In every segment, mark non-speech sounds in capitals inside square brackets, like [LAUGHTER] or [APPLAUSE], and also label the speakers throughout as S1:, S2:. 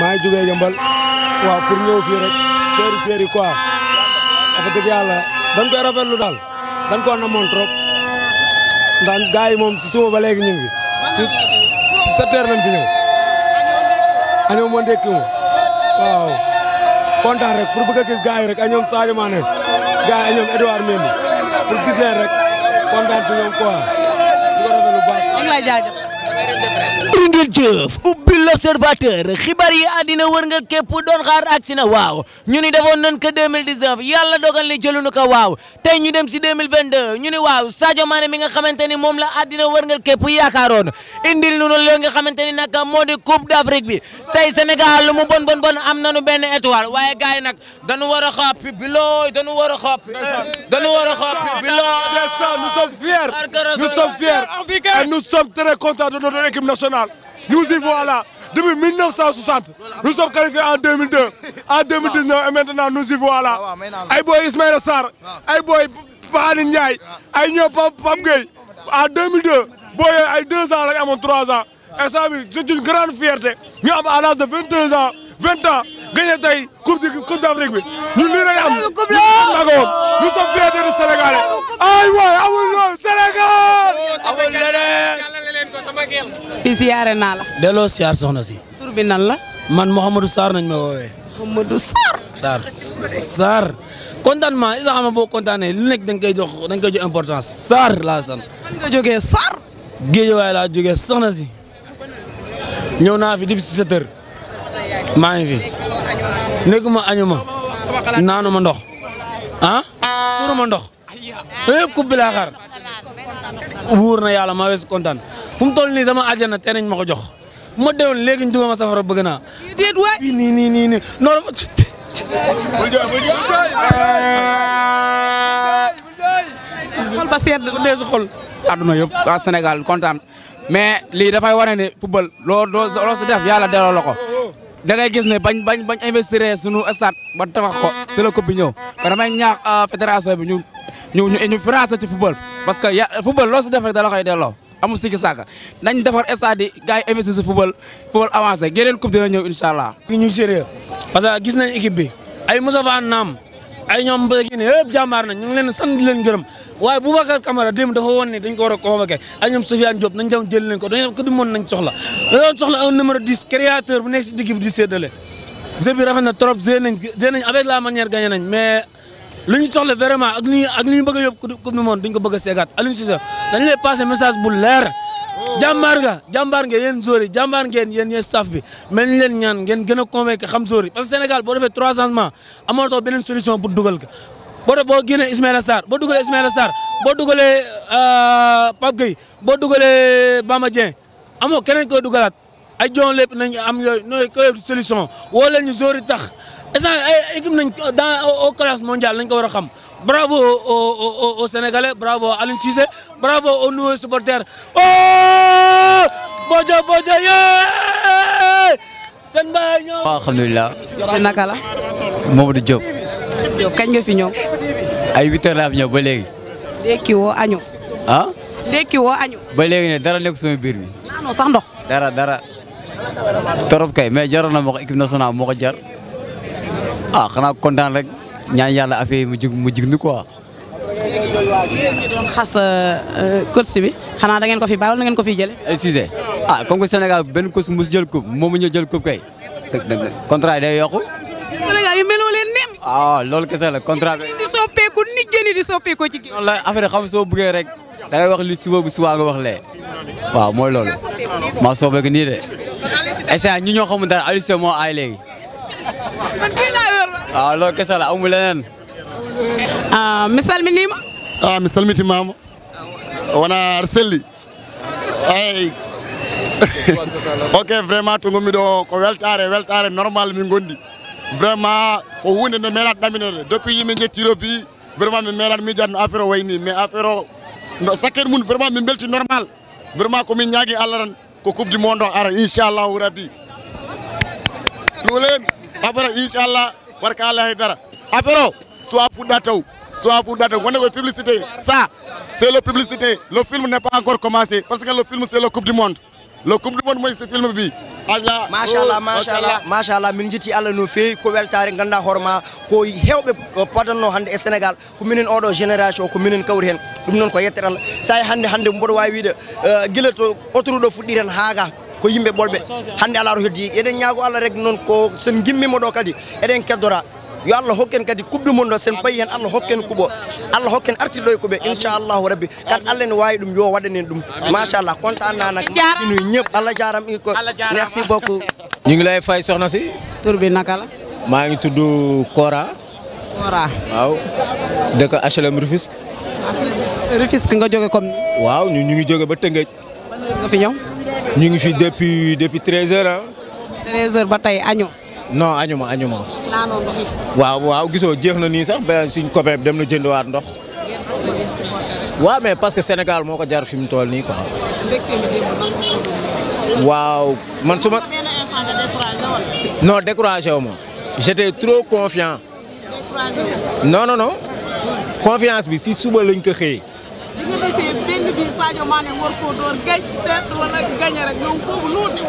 S1: maa ngi jógee yëmbal waaw pour ñëw fii rek teeru séeri quoi wax dëgg yàlla dañ koy rafetlu daal dañ koo namoon trop ndax yi moom si suba ba léegi ñu ngi si sept heures lañ fi ñëw añoom moo ndékki mu rek pour bëgg a gis gars yi rek añoom rek kontaan si ñoom quoi di ko
S2: rafetlu bu baax jërë ngeen jëf ubbi l'observateur xibaar yi àddina wër nga képp doon xaar agsi na waaw ñu ni defoon nañ ko 2019 yàlla dogal ni jëluñu ko waaw tey ñu dem si 2022 ñu ni waaw Sadio mi nga xamante ni moom la àddina wër nga képp yaakaaroon indil nu loolu nga xamante ni nag moo di coupe d'Afrique bi tey Sénégal lu mu bon bon bon am nañu benn étoile waaye gars yi nag dañu war a xoppi bilooy dañu war a xoppi eh, dañu war a xoppi bilooy ça, nous sommes ah, fiers. Nous sommes fiers.
S1: Et nous sommes très contents de notre équipe nationale. Nous y voilà. Depuis 1960, nous sommes qualifiés en 2002, en 2019 et maintenant nous y voilà. Ah, ay boy Ismaïla Sarr, ah. ay boy Paali Ndiaye, ay ñoo Pape Pape Gueye. En 2002, booy ay 2 ans lañ amoon 3 ans. grande fierté. Ñu am à l'âge de 22 ans, 20 ans. gagné tey coupe du bi ñun lii lay am ñun ñu nous ay waay amul loolu Sénégal. Oh, amul
S3: leneen. naa la. delloo siyaar soxna si. tur nan la.
S1: man Mouhamadou Sarr nañ ma woowee. Mouhamadou Sarr. Sarr Sarr contentement boo kontaanee lu nekk dañ koy jox dañ koy jox importance Sarr laa san. fan nga jógee Sarr. Géejawaay laa jógee soxna si. ñëw naa fi depuis 7 heures fi. nekk ma añu ma ma ndox ah suuru ndox yëpp ku bilaa xar wóor yàlla maa weesu kontaan fu mu toll nii sama àjjana tee nañ ma ko jox ma deewoon léegi ñu dugal safara bëgg naa. déet waay nii nii nii nii noor. xol ba sedd na dee xol. àdduna yëpp waa Sénégal kontaan mais lii dafay wane ne football loo loo def yàlla delloo la da ngay gis ne bañ bañ bañ investir suñu stade ba tabax ko si la coupe bi ñëw kon damay ñaax euh, fédération bi ñu ñu ñu financé ci football parce que ya football loo si def rek da la koy delloo amul sikki sàkka nañ defar stade yi gars yi investir si football football avancé geneen coupe dina ñëw incha allah. ñu sérieux parce que gis nañ équipe bi ay Moussa Naam. ay ñoom ba gi ne yëpp jàmbaar nañ ñu leen di leen gërëm waaye Boubacar Camara démb dafa woon ni dañ ko war a convoqué ay ñoom Sofiane Diop nañ dem jël leen ko dañ ko du moon soxla da doon soxla un numéro bu nekk di séddale jeu bi na trop gé nañ gé la manière gagné nañ mais lu ñu soxla vraiment ak li ñu ak li ñu bëgg a yóbbu coupe du monde duñ ko a seegaat message bu leer jàmbaar nga jàmbaar ngeen yéen Zori jàmbaar ngeen yéen yéen staff bi mel ni leen ñaan ngeen gën a convaincre xam Zori parce que Sénégal boo defee trois changements amatoo beneen solution pour dugal ko boo def boo génnee Ismaïla Sarr boo dugalee Ismaïla Sarr boo dugalee euh, Pape Gueye boo dugalee Bamba Dieng amoo keneen koy dugalaat ay jon lépp nañ am yooyu nooy koy solution woo leen ñu Zori tax instant ay équipe nañ dans au classe mondiale lañ ko war a xam bravo aux, aux, aux Sénégalais, bravo à Aline Cissé,
S3: Boja Boja yeah seen baay ñëw.
S2: Ah, alhamdulilah. te naka la. Mamadou Diop. kañ nga fi ñëw. ay huit heures laa ñëw ba léegi.
S3: léegi woo añu. ah. léegi woo añu.
S2: ba ne dara nekk sama biir bi. naanoo sax ndox. dara dara. torop kay mais jaroon na ma ko équipe moo ko jar ah xanaa kontaan ñaan yàlla affaire yi mu jig mu jig ni quoi.
S3: yéen ñi doon xas euh, coach bi xanaa da ngeen ko fi bàyyi wala ngeen ko fi jëlee.
S2: El eh, Cissé ah comme que Sénégal benn coach mus jël coupe moom mu ñu jël coupe kay. contrat yi day yokku.
S3: yi meloo nem.
S2: ah loolu kese la contrat bi. di soppeeku di soppeeku ci. noonu la affaire xam soo bëggee rek da ngay wax li suba bu suba nga wax le waaw mooy lool maa soppeeku nii de. ay saa ñu ñoo moo
S3: aay léegi. waaw a kese la amul leneen. ah mi salminima. ah mi selli [LAUGHS]
S1: ok vraiment to gommi ɗo ko weltare weltare normal min gondi vraiment ko hunde nde meeɗat ɗaminede depuis yimɓe jettiro bi vraiment min meeɗat miijatno affaire o wayni mais affaire o sakkede mum vraiment min belti normal vraiment ko coupe du monde o ara inchallahu rabbi ɗulen war ka laaj dara apéro soit Fouta taw soit Fouta ko publicité ça c'est la publicité le film n'est encore commencé parce
S2: que le film c'est la coupe du monde la coupe du monde film bi oh, allah min jetti allah no feewi ko weltare ganda hoorema ko hewɓe padanno hannde e sénégal ko minen oɗo génération ko minen kawri hen ɗum noon ko yettere allah sa e hannde hannde mboɗo wawi wiide eh, guila to autoroute o haaga ko yimɓe ɓolɓe hannde ala to heddi eɗen ñaago allah rek noon ko sen gimmimoɗo kadi eɗen keddora yo allah hokken kadi kuɓɗu mum ɗo sen payi hen allah hokken kuuɓo allah hokken artirɗo e kuuɓe inchallahu rabbi kan allah ne wawi ɗum yo waɗanen ɗum machallah conta allah jaram ko merci ñu ngi lay fay soxna
S3: si tur
S2: la maa ngi tudd Kora Kora waaw dëkk HLM Rufisque Rufisque nga jóge comme waaw ñu ñu ngi jóge ba Tëngéej nga ñu ngi fi depuis depuis treize heures ah. treize ba tey año non añu ma añu ma. waaw waaw gisoo jeex na nii sax ba suñ copain dem na jënd waat ndox. waaw mais parce que Sénégal moo ko jar fi mu toll nii quoi. waaw man su ma. non découragé wu ma. j'étais trop confiant. non non non. confiance bi si suba lañ ko xëyee.
S3: boobu loo def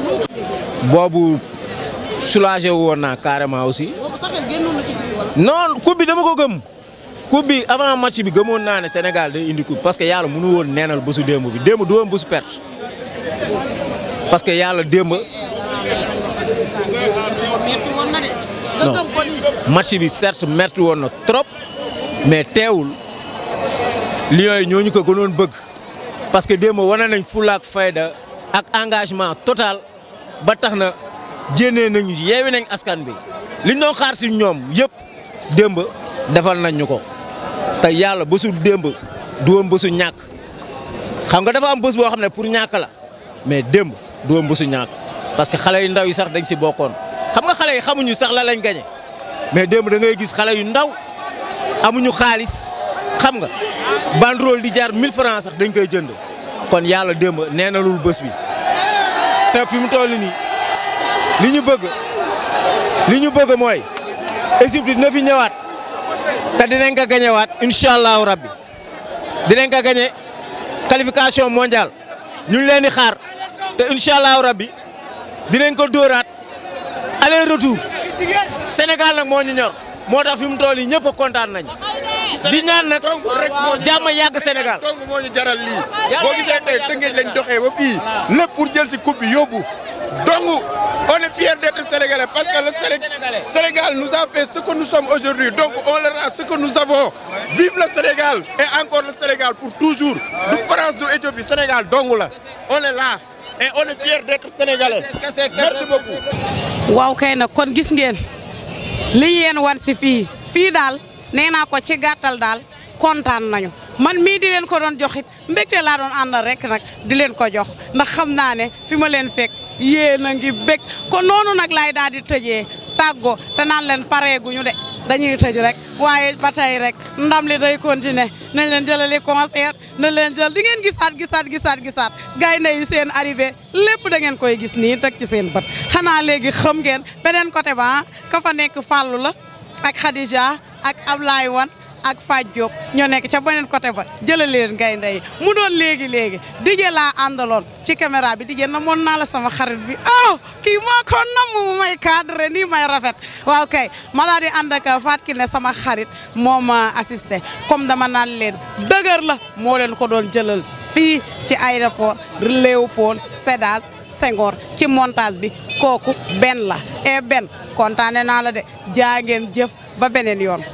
S2: loo woon naa carrément aussi. boobu sax dama ko gëm. coupe bi avant match bi gëmoon naa ne Sénégal day indi coupe parce que yàlla mënu woon neenal busu démb bi démb du woon bésu perte parce que yàlla démb. non match bi certes metti woon na trop mais teewul. Lions yi ñooñu ko gënoon bëgg parce que démb wane nañ fulaak fayda ak engagement total ba tax na jénnee nañu yeewi nañ askan bi liñ doon xaar si ñoom yëpp démb defal nañ ñu ko te yàlla bésu démb du woon bésu ñàkk xam nga dafa am bés boo xam ne pour ñàkk la mais démb du woon bésu ñàkk parce que xale yu ndaw yi sax dañ si bokkoon xam nga xale yi xamuñu sax la lañ gañe mais démb da ngay gis xale yu ndaw amuñu xaalis xam nga banderole di jaar 1000 francs sax dañ koy jënd kon yàlla démb nee na lu bés bi te fi mu toll nii li ñu bëgg li ñu bëgg mooy Égypte dina fi ñëwaat te dinañ ko gañewaat incha allahu rabbi dinañ ko gañe qualification mondiale ñu ngi leen di xaar te incha allahu rabbi dinañ ko dóoraat aller retour Sénégal na moo ñu ñor moo tax fi mu toll nii ñëpp kontaan nañ di ñaan nag jàmm yàgg Sénégal tong moo ñu lii boo gisee tey Tëngéej lañ doxee ba fii lépp pour jël si coupe bi yóbbu donc on est fiers d'être sénégalais parce
S1: que le Sénégal nous a fait ce que nous sommes aujourd'hui donc
S2: vive le Sénégal et encore le Sénégal pour toujours du France du Éthiopie Sénégal dong la
S3: on est là et on est fiers d'être sénégalais merci beaucoup waaw kon gis ngeen li ñu yeen wan si fii fii daal nee naa ko ci gàttal daal kontaan nañu man mii di leen ko doon joxit mbégte laa doon àndal rek nag di leen ko jox ndax xam naa ne fi ma leen fek yéen a ngi bég kon noonu nag lay daal di tëjee tàggoo te naan leen pareeguñu de dañuy tëj rek waaye ba rek ndam li day continuer nañ leen jëlali concert na leen jël di ngeen gisaat gisaat gisaat gisaat gaynde yi seen arrivé lépp da ngeen koy gis nii teg ci seen bët xanaa léegi xam ngeen beneen côté ba ka fa nekk fàllu la ak Khadija ak Ablaye Wan ak Faj Diop ñoo nekk ca beneen côté ba jëlee leen gaynde yi mu doon léegi léegi dijee laa àndaloon ci caméra bi dijee na moon naa la sama xarit bi oh kii moo ko nam mu may cadre nii may rafet waaw kay ma daal di ànd ak Fatou sama xarit moo ma assisté comme dama naan leen dëgër la moo leen ko doon jëlal fii ci aéroport Léopold Sédar Senghor ci montage bi kooku benn la e kontaane naa la de jaa ngeen jëf ba beneen yoon